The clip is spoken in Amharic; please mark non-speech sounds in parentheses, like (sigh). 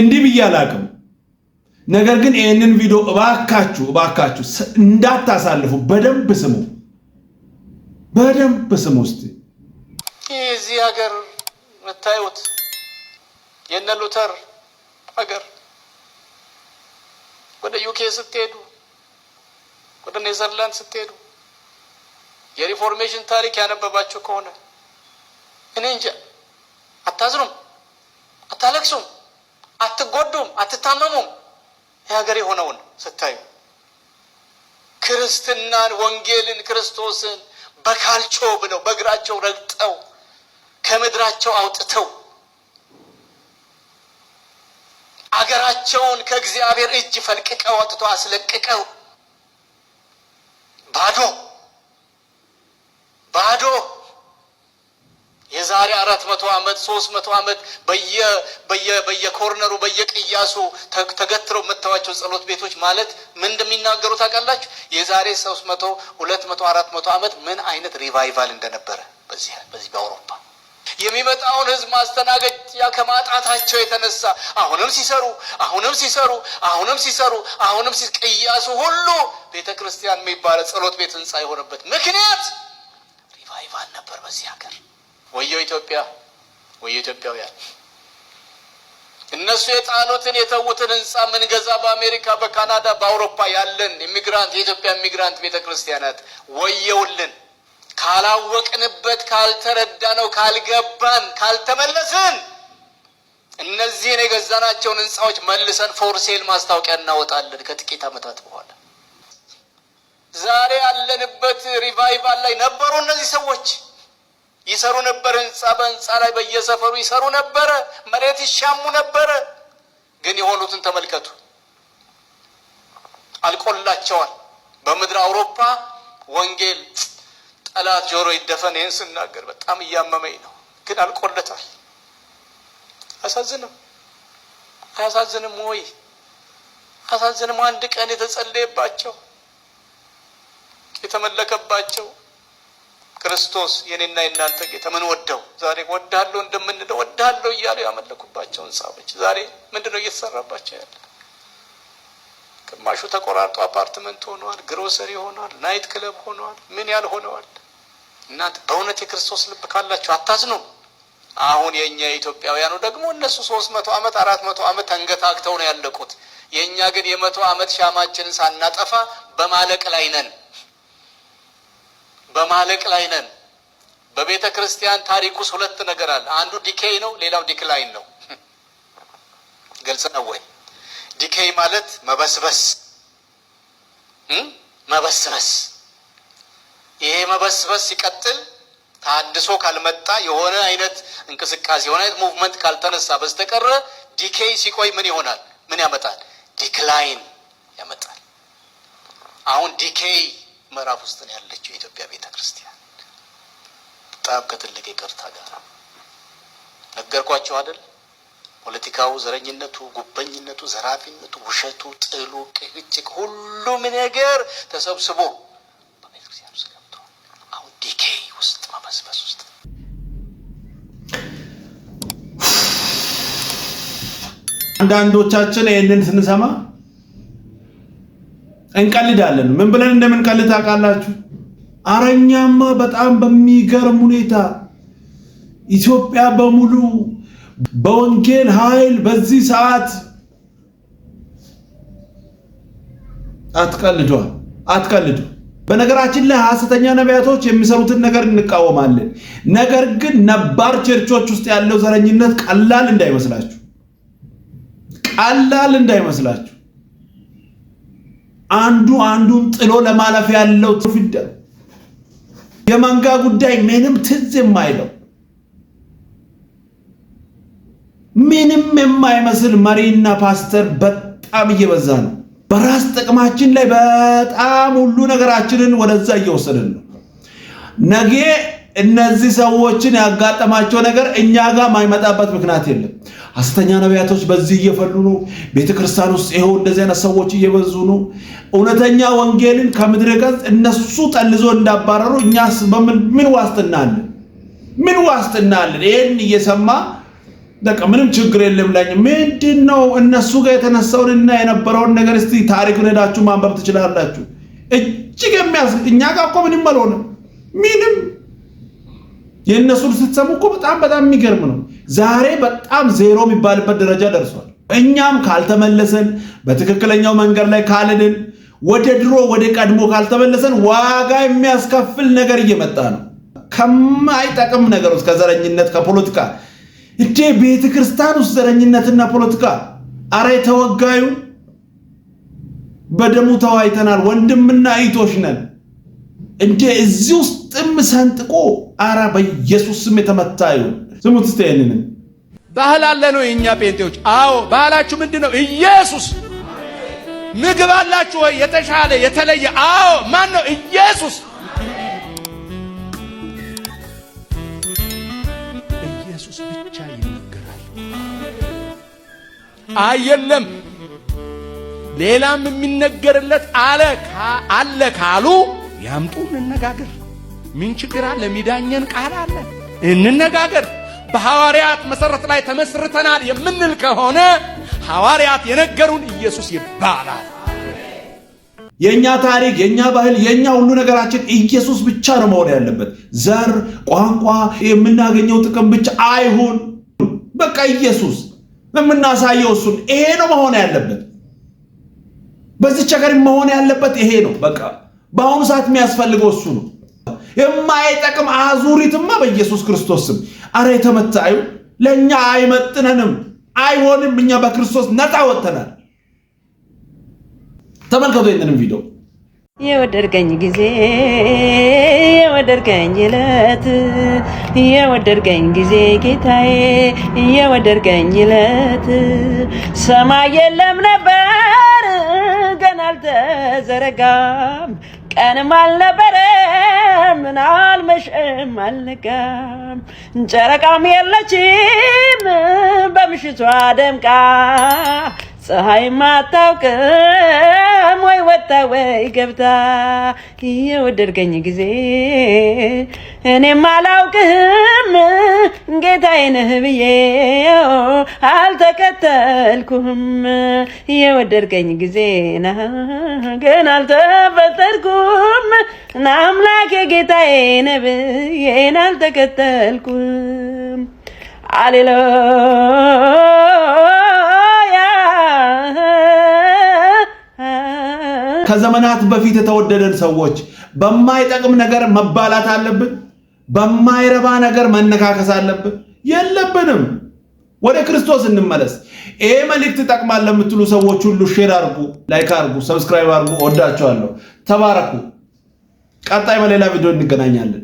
እንዲህ ብዬ አላቅም። ነገር ግን ይህንን ቪዲዮ እባካችሁ እባካችሁ እንዳታሳልፉ፣ በደንብ ስሙ፣ በደንብ ስሙ። ውስጥ እዚህ ሀገር የምታዩት የነ ሉተር ሀገር ወደ ዩኬ ስትሄዱ ወደ ኔዘርላንድ ስትሄዱ የሪፎርሜሽን ታሪክ ያነበባችሁ ከሆነ እኔ እንጃ አታዝኑም፣ አታለቅሱም። አትጎዱም፣ አትታመሙም። የሀገር የሆነውን ስታዩ ክርስትናን፣ ወንጌልን፣ ክርስቶስን በካልቾ ብለው በእግራቸው ረግጠው ከምድራቸው አውጥተው አገራቸውን ከእግዚአብሔር እጅ ፈልቅቀው አውጥተው አስለቅቀው ባዶ ባዶ የዛሬ አራት መቶ ዓመት ሶስት መቶ ዓመት በየኮርነሩ በየቅያሱ ተገትረው የምታዋቸው ጸሎት ቤቶች ማለት ምን እንደሚናገሩ ታውቃላችሁ? የዛሬ ሶስት መቶ ሁለት መቶ አራት መቶ ዓመት ምን አይነት ሪቫይቫል እንደነበረ በዚህ በዚህ በአውሮፓ የሚመጣውን ህዝብ ማስተናገጃ ከማጣታቸው የተነሳ አሁንም ሲሰሩ አሁንም ሲሰሩ አሁንም ሲሰሩ አሁንም ቅያሱ ሁሉ ቤተ ክርስቲያን የሚባለ ጸሎት ቤት ህንፃ የሆነበት ምክንያት ሪቫይቫል ነበር በዚህ ሀገር። ወዮ ኢትዮጵያ፣ ወዮ ኢትዮጵያውያን እነሱ የጣሉትን የተዉትን ህንፃ ምንገዛ በአሜሪካ፣ በካናዳ፣ በአውሮፓ ያለን ኢሚግራንት የኢትዮጵያ ኢሚግራንት ቤተ ክርስቲያናት ወየውልን። ካላወቅንበት፣ ነው ካልገባን፣ ካልተመለስን እነዚህን የገዛናቸውን ህንፃዎች መልሰን ፎርሴል ማስታወቂያ እናወጣለን ከጥቂት ዓመታት በኋላ። ዛሬ ያለንበት ሪቫይቫል ላይ ነበሩ እነዚህ ሰዎች። ይሰሩ ነበር። ህንፃ በህንፃ ላይ በየሰፈሩ ይሰሩ ነበረ። መሬት ይሻሙ ነበረ። ግን የሆኑትን ተመልከቱ፣ አልቆላቸዋል። በምድር አውሮፓ ወንጌል ጠላት ጆሮ ይደፈን። ይህን ስናገር በጣም እያመመኝ ነው፣ ግን አልቆለታል። አያሳዝንም? አያሳዝንም ወይ? አያሳዝንም? አንድ ቀን የተጸለየባቸው የተመለከባቸው ክርስቶስ የኔና የእናንተ ጌታ ምን ወደው ዛሬ ወዳለው እንደምንለው ወዳለው እያሉ ያመለኩባቸው ህንፃዎች ዛሬ ምንድነው እየተሰራባቸው ያለ? ግማሹ ተቆራርጦ አፓርትመንት ሆኗል፣ ግሮሰሪ ሆኗል፣ ናይት ክለብ ሆኗል፣ ምን ያል ሆነዋል። እናንተ በእውነት የክርስቶስ ልብ ካላችሁ አታዝኑ። አሁን የእኛ የኢትዮጵያውያኑ ደግሞ እነሱ ሶስት መቶ አመት አራት መቶ ዓመት ተንገታግተው ነው ያለቁት። የእኛ ግን የመቶ አመት ሻማችንን ሳናጠፋ በማለቅ ላይ ነን። በማለቅ ላይ ነን። በቤተ ክርስቲያን ታሪክ ውስጥ ሁለት ነገር አለ። አንዱ ዲኬይ ነው፣ ሌላው ዲክላይን ነው። (laughs) ግልጽ ነው ወይ? ዲኬይ ማለት መበስበስ መበስበስ። ይሄ መበስበስ ሲቀጥል ታድሶ ካልመጣ የሆነ አይነት እንቅስቃሴ የሆነ አይነት ሙቭመንት ካልተነሳ በስተቀረ ዲኬይ ሲቆይ ምን ይሆናል? ምን ያመጣል? ዲክላይን ያመጣል። አሁን ዲኬይ ምዕራፍ ውስጥ ነው ያለችው የኢትዮጵያ ቤተ ክርስቲያን። በጣም ከትልቅ ይቅርታ ጋር ነገርኳቸው አይደል? ፖለቲካው፣ ዘረኝነቱ፣ ጉበኝነቱ፣ ዘራፊነቱ፣ ውሸቱ፣ ጥሉ፣ ቅጭቅ፣ ሁሉም ነገር ተሰብስቦ በቤተክርስቲያን ውስጥ ገብቶ አሁን ዲኬ ውስጥ መበስበስ ውስጥ አንዳንዶቻችን ይህንን ስንሰማ እንቀልዳለን። ምን ብለን እንደምንቀልድ ታውቃላችሁ? አረኛማ በጣም በሚገርም ሁኔታ ኢትዮጵያ በሙሉ በወንጌል ኃይል በዚህ ሰዓት አትቀልዷል፣ አትቀልዱ። በነገራችን ላይ ሐሰተኛ ነቢያቶች የሚሰሩትን ነገር እንቃወማለን። ነገር ግን ነባር ቸርቾች ውስጥ ያለው ዘረኝነት ቀላል እንዳይመስላችሁ፣ ቀላል እንዳይመስላችሁ አንዱ አንዱን ጥሎ ለማለፍ ያለው ትውፊት የመንጋ ጉዳይ ምንም ትዝ የማይለው ምንም የማይመስል መሪና ፓስተር በጣም እየበዛ ነው። በራስ ጥቅማችን ላይ በጣም ሁሉ ነገራችንን ወደዛ እየወሰድን ነው። ነገ እነዚህ ሰዎችን ያጋጠማቸው ነገር እኛ ጋር ማይመጣበት ምክንያት የለም። ሐሰተኛ ነቢያቶች በዚህ እየፈሉ ነው። ቤተ ክርስቲያን ውስጥ ይኸው እንደዚህ አይነት ሰዎች እየበዙ ነው። እውነተኛ ወንጌልን ከምድረ ገጽ እነሱ ጠልዞ እንዳባረሩ እኛስ ምን ዋስትና አለን? ምን ዋስትና አለን? ይህን እየሰማ በቃ ምንም ችግር የለም ላይ ምንድን ነው እነሱ ጋር የተነሳውንና የነበረውን ነገር እስቲ ታሪኩን ሄዳችሁ ማንበብ ትችላላችሁ። እጅግ የሚያስ እኛ ጋር እኮ ምንም ምንም የእነሱን ስትሰሙ እኮ በጣም በጣም የሚገርም ነው። ዛሬ በጣም ዜሮ የሚባልበት ደረጃ ደርሷል። እኛም ካልተመለሰን በትክክለኛው መንገድ ላይ ካልድን ወደ ድሮ ወደ ቀድሞ ካልተመለሰን ዋጋ የሚያስከፍል ነገር እየመጣ ነው። ከማይጠቅም ነገር ውስጥ ከዘረኝነት ከፖለቲካ እዴ ቤተ ክርስቲያን ውስጥ ዘረኝነትና ፖለቲካ አረ የተወጋዩ በደሙ ተዋይተናል። ወንድምና እህቶች ነን። እንደ እዚህ ውስጥም ሰንጥቆ በኢየሱስ ስም የተመታ ይሁን። ስሙት እስቲ ባህል አለ ነው የእኛ ጴንጤዎች። አዎ ባህላችሁ ምንድን ነው? ኢየሱስ ምግብ አላችሁ ወይ? የተሻለ የተለየ? አዎ ማን ነው? ኢየሱስ ኢየሱስ ብቻ ይነገራል። አየለም ሌላም የሚነገርለት አለ አለ ካሉ ያምጡ፣ እንነጋገር። ምን ችግር አለ? የሚዳኘን ቃል አለ፣ እንነጋገር። በሐዋርያት መሰረት ላይ ተመስርተናል የምንል ከሆነ ሐዋርያት የነገሩን ኢየሱስ ይባላል። የእኛ ታሪክ፣ የእኛ ባህል፣ የእኛ ሁሉ ነገራችን ኢየሱስ ብቻ ነው መሆን ያለበት። ዘር፣ ቋንቋ፣ የምናገኘው ጥቅም ብቻ አይሁን። በቃ ኢየሱስ የምናሳየው እሱን፣ ይሄ ነው መሆን ያለበት። በዚች ሀገር መሆን ያለበት ይሄ ነው በቃ በአሁኑ ሰዓት የሚያስፈልገው እሱ ነው። የማይጠቅም አዙሪትማ በኢየሱስ ክርስቶስ ስም አረ የተመታዩ ለእኛ አይመጥነንም፣ አይሆንም። እኛ በክርስቶስ ነጣ ወጥተናል። ተመልከቱ ይንንም ቪዲዮ የወደድከኝ ጊዜ የወደድከኝ ዕለት የወደድከኝ ጊዜ ጌታዬ የወደድከኝ ዕለት ሰማይ የለም ነበር ገና አልተዘረጋም ቀንም አልነበረም ምን አልመሸም አልነጋም ጨረቃም የለችም በምሽቷ ደምቃ ፀሐይም አታውቅም ወጣ ወይ ገብታ የወደድከኝ ጊዜ እኔም አላውቅህም ጌታዬ ነህ ብዬ አልተከተልኩም። የወደድከኝ ጊዜ ና ግን አልተፈጠርኩም። አምላኬ ጌታዬ ነህ ብዬ አልተከተልኩም። አሌሎ ከዘመናት በፊት የተወደደን ሰዎች በማይጠቅም ነገር መባላት አለብን? በማይረባ ነገር መነካከስ አለብን? የለብንም። ወደ ክርስቶስ እንመለስ። ይሄ መልእክት ይጠቅማል ለምትሉ ሰዎች ሁሉ ሼር አርጉ፣ ላይክ አርጉ ሰብስክራይብ አርጉ ወዳቸዋለሁ ተባረኩ። ቀጣይ በሌላ ቪዲዮ እንገናኛለን።